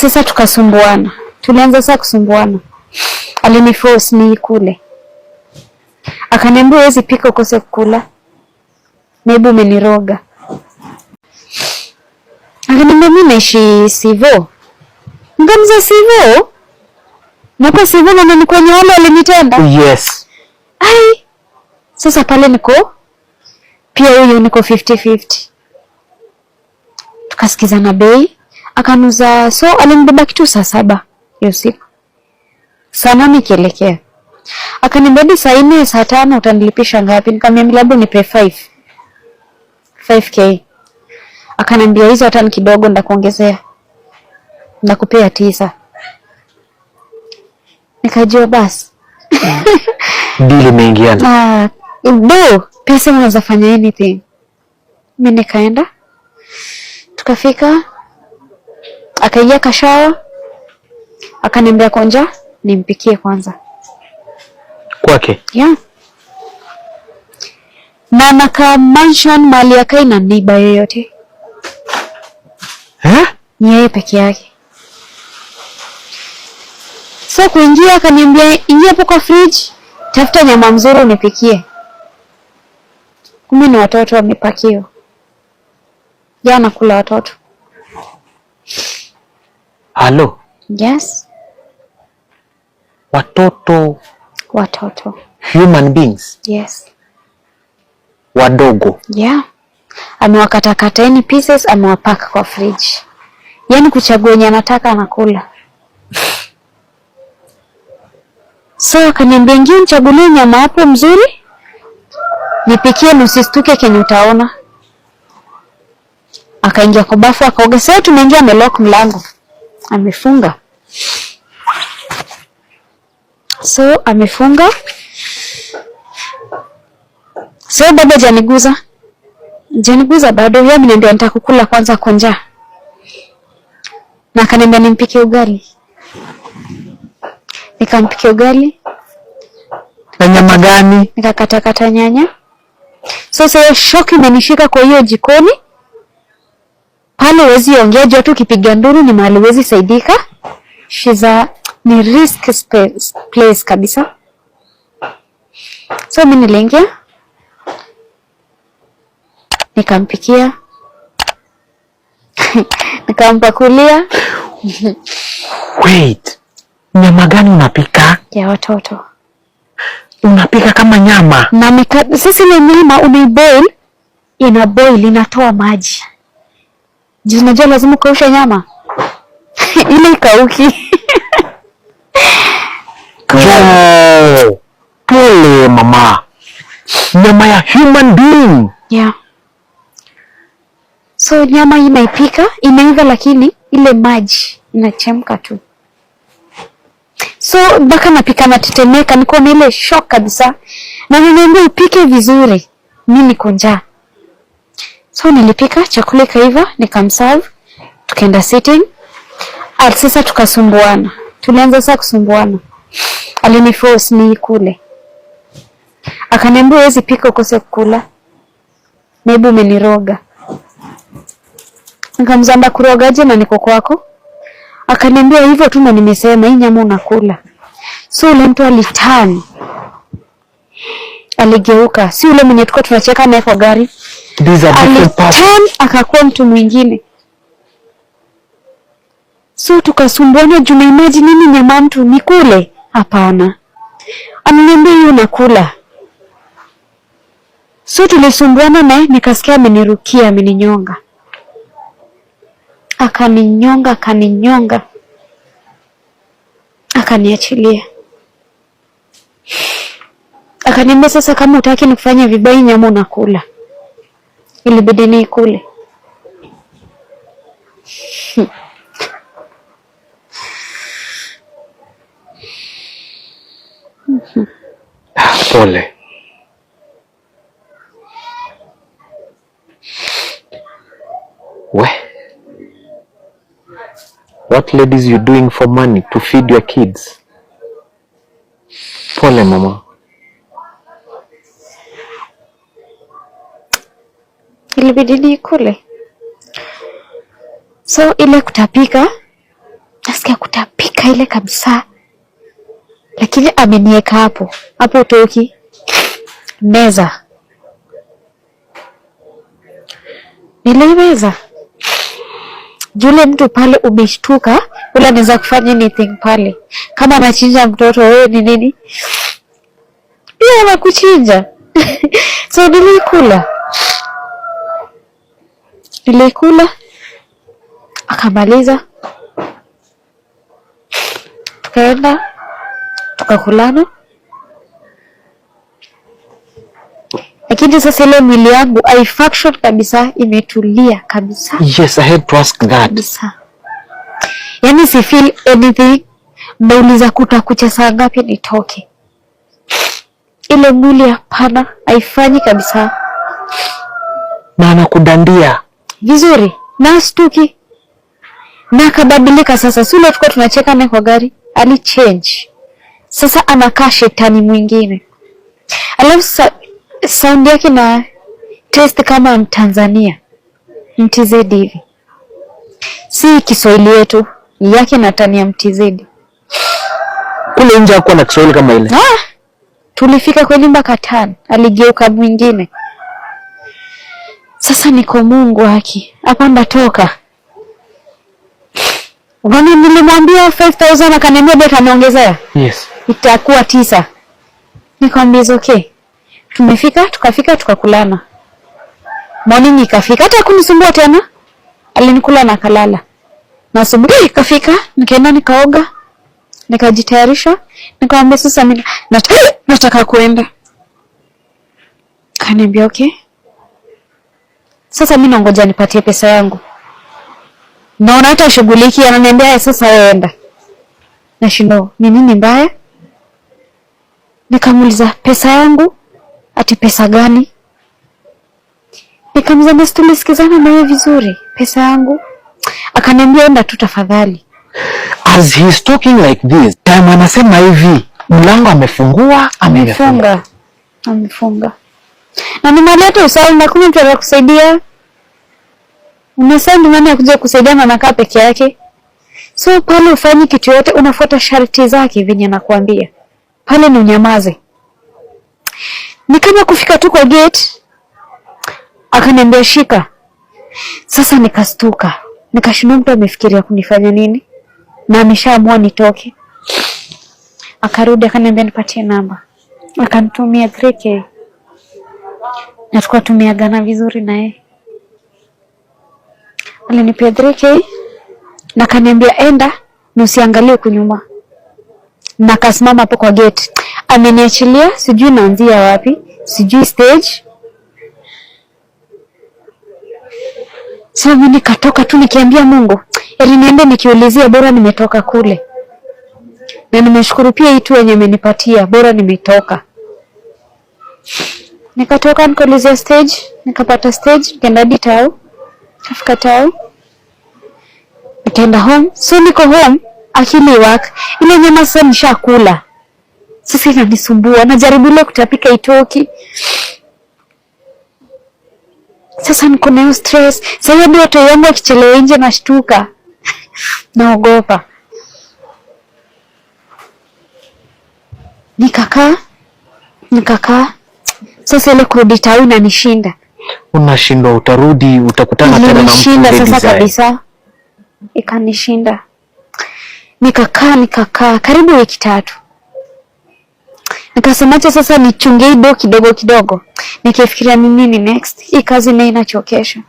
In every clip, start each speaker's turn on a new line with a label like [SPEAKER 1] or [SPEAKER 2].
[SPEAKER 1] sasa tukasumbuana, tulianza saa kusumbuana. ni kule akaniambia wezi pika ukose kukula, naibu umeniroga. Akaniambia mimi naishi sivo, ngamza sivo napo sivo, na nani kwenye wale walinitenda.
[SPEAKER 2] Oh, yes.
[SPEAKER 1] Ai, sasa pale niko pia huyo niko 50 50, tukasikizana bei akanuza, so alimbeba kitu saa saba hiyo siku, saa nane ikielekea akanibadi saa nne saa tano, utanilipisha ngapi? Nikamwambia labda nipe 5 5k. Akanambia hizo hata ni kidogo, ndakuongezea ndakupea tisa. Nikajua basi
[SPEAKER 2] bili imeingiana
[SPEAKER 1] ah, do pesa unaweza fanya anything. Mi nikaenda tukafika Akaingia kashawa, akaniambia konja nimpikie kwanza kwake, yeah. na naka mansion mali yake ina niba yoyote eh? ni yeye peke yake. So kuingia, akaniambia ingia poka fridge, tafuta nyama mzuri unipikie. Kumi ni watoto wamepakiwa, jana kula watoto Halo. Yes.
[SPEAKER 2] Watoto
[SPEAKER 1] watoto
[SPEAKER 2] human beings. Yes. Wadogo.
[SPEAKER 1] Yeah. Amewakatakata any pieces, amewapaka kwa fridge. Yaani kuchagua yenye anataka anakula. So akaniambia ngie nichagulie nyama hapo mzuri nipikie, nusistuke kenye utaona. Akaingia kwa bafu akaoga. Sasa tumeingia amelock mlango amefunga. So amefunga, so bado janiguza, janiguza bado. Yeye ameniambia nitakukula kwanza kwa njaa, na akaniambia nimpike ugali, nikampike ugali
[SPEAKER 2] na nyama gani,
[SPEAKER 1] nikakatakata nyanya. Sasa hiyo shoki imenishika kwa hiyo jikoni pale huwezi ongea joto, ukipiga nduru ni mahali huwezi saidika. She's a ni risk space, place kabisa. So mi niliingia nikampikia nikampakulia.
[SPEAKER 2] Wait, nyama gani unapika?
[SPEAKER 1] Ya watoto
[SPEAKER 2] unapika kama nyama
[SPEAKER 1] na mika, sisi ile nyama unaiboil, inaboil inatoa maji juu najua lazima ukaushe nyama ili ikauki.
[SPEAKER 2] Pole mama, nyama ya human being
[SPEAKER 1] yeah. So nyama hii naipika inaiva, lakini ile maji inachemka tu, so mpaka napika natetemeka, niko na ile shock kabisa, na naniambia upike vizuri, mi niko njaa So nilipika chakula ikaiva, nikamserve, tukaenda sitting. Al sasa tukasumbuana. Tulianza sasa kusumbuana. Aliniforce kule Akaniambia huwezi pika ukose kukula. Maybe umeniroga. Nikamzamba kurogaje na niko kwako? Akaniambia hivyo tu na nimesema hii nyama unakula. So ule mtu alitani aligeuka, si ule mwenye tulikuwa tunacheka naye kwa gari,
[SPEAKER 2] aliturn
[SPEAKER 1] akakuwa mtu mwingine. So tukasumbuana juu na imaji nini, nyama mtu ni kule? Hapana, ananiambia hiyo nakula. So tulisumbuana naye, nikasikia amenirukia, ameninyonga, akaninyonga, akaninyonga, akaniachilia. Akaniambia sasa, kama utaki nikufanya vibaya, nyama unakula. Ilibidi nikule.
[SPEAKER 2] Pole. We, what ladies you doing for money to feed your kids? Pole mama.
[SPEAKER 1] ilibidi nikule. So ile kutapika, nasikia kutapika ile kabisa, lakini amenieka hapo hapo, utoki meza, nilimeza yule mtu pale umeshtuka, ule anaweza kufanya anything pale, kama anachinja mtoto wewe ni nini, pia anakuchinja so nilikula nilikula akamaliza, tukaenda tukakulana, lakini sasa ile mwili yangu i function kabisa, imetulia kabisa.
[SPEAKER 2] Yes, I had to ask that. Kabisa.
[SPEAKER 1] Yani si feel anything. Nauliza kutakucha saa ngapi nitoke, ile mwili hapana, haifanyi kabisa,
[SPEAKER 2] na anakudandia
[SPEAKER 1] vizuri na stuki na akabadilika. Sasa si ule tulikuwa tunacheka naye kwa gari, alichange sasa, anakaa shetani mwingine. Alafu sa, sound yake na test kama Mtanzania MTZ hivi, si Kiswahili yetu yake na tania MTZ
[SPEAKER 2] kule nje hakuwa na Kiswahili kama ile.
[SPEAKER 1] Ah, tulifika kweli nyumba katan aligeuka mwingine sasa niko Mungu haki apanda toka Gani nilimwambia 5000 akaniambia bado kaniongezea. Yes. Itakuwa tisa. Nikamwambia okay. Tumefika tukafika tukakulana. Morning ikafika hata kunisumbua tena. Alinikula na kalala. Na asubuhi ikafika nikaenda nikaoga. Nikajitayarisha nikamwambia sasa mimi nataka, nataka kuenda. Kaniambia okay. Sasa mimi naongoja nipatie pesa yangu, naona hata ushughulikia. Ananiambia sasa wewe enda, nashindo ni nini mbaya? Nikamuuliza pesa yangu, ati pesa gani? Nikamzama situlisikizana naye vizuri, pesa yangu. Akaniambia enda tu tafadhali.
[SPEAKER 2] As he is talking like this time, anasema hivi mlango amefungua,
[SPEAKER 1] amefunga, amefunga na nimeleta usahau na kuna mtu anakusaidia. Umesema nani akuja kusaidia na nakaa peke yake? So pale ufanye kitu yote, unafuata sharti zake venye nakwambia. pale, ni unyamaze. Ni kama kufika tu kwa gate akaniambia shika. Sasa nikastuka nikashindwa, mtu amefikiria kunifanya nini na ameshaamua nitoke. Akarudi akaniambia nipatie namba, akanitumia 3k na tukuwa tumeagana vizuri naye. Alinipia 3k na kaniambia enda na usiangalie kunyuma, na kasimama hapo kwa gate. Ameniachilia sijui naanzia wapi, sijui stage Sasa mimi nikatoka tu nikiambia Mungu, ili niende nikiulizia, bora nimetoka kule. Na nimeshukuru pia itu tu yenye imenipatia, bora nimetoka. Nikatoka nikaulizia stage, nikapata stage, nikaenda hadi tao, kafika tao, nikaenda home. So niko home, akili wak ile nyama sasa nishakula, sasa inanisumbua, najaribu ile kutapika itoki sasa niko na hiyo stress sasa. Hadi watu wangu akichelewa nje nashtuka, naogopa. Nikakaa nikakaa sasa ile kurudi tawi inanishinda.
[SPEAKER 2] Unashindwa, utarudi utakutana
[SPEAKER 1] tena na mtu sasa kabisa. Ikanishinda, nikakaa nikakaa karibu wiki tatu, nikasemacha sasa nichunge hii kidogo kidogo, nikifikiria ni nini next. Hii kazi nayo inachokesha.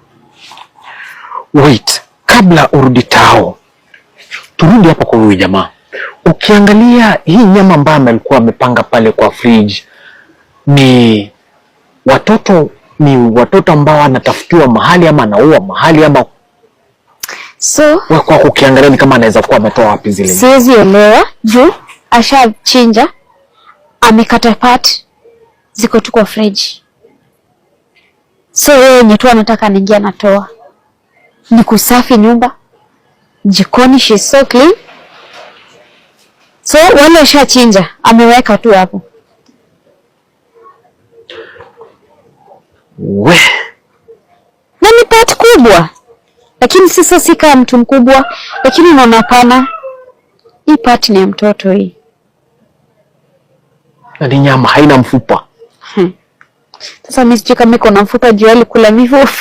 [SPEAKER 2] Wait, kabla urudi tao, turudi hapo kwa huyu jamaa. Ukiangalia hii nyama ambayo alikuwa amepanga pale kwa fridge ni watoto ni watoto ambao anatafutiwa mahali ama anaua mahali ama so, kwa kukiangalia ni kama anaweza kuwa ametoa wapi zile.
[SPEAKER 1] Siwezi elewa juu ashachinja, amekata part ziko tu kwa fridge. so yeye yenye tu anataka anaingia, anatoa. Ni kusafi nyumba, jikoni, she so clean. So wale ashachinja, ameweka tu hapo we na ni pati kubwa, lakini sasa si kama mtu mkubwa, lakini unaona pana hii pati ni ya mtoto hii,
[SPEAKER 2] na ni nyama haina mfupa hmm.
[SPEAKER 1] Sasa mimi sijui kama iko na mfupa juu alikula mifupa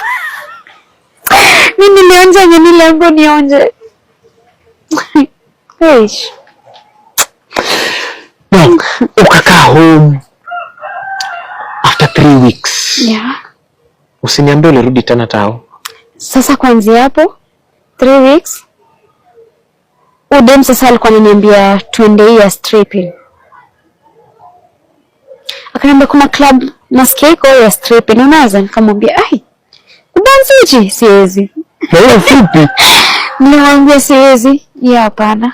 [SPEAKER 1] mimi nilionja nyeni langu nionje
[SPEAKER 2] ukakaa home after three weeks. Yeah. Usiniambie ulirudi tena tao.
[SPEAKER 1] Sasa kuanzia hapo three weeks udem sasa alikuwa ananiambia twende ya stripping. Akaniambia kuna club nasikia iko ya stripping, unaweza? Nikamwambia ai, kudansi hichi siwezi.
[SPEAKER 2] Na hiyo fupi.
[SPEAKER 1] Nilimwambia siwezi, ya hapana.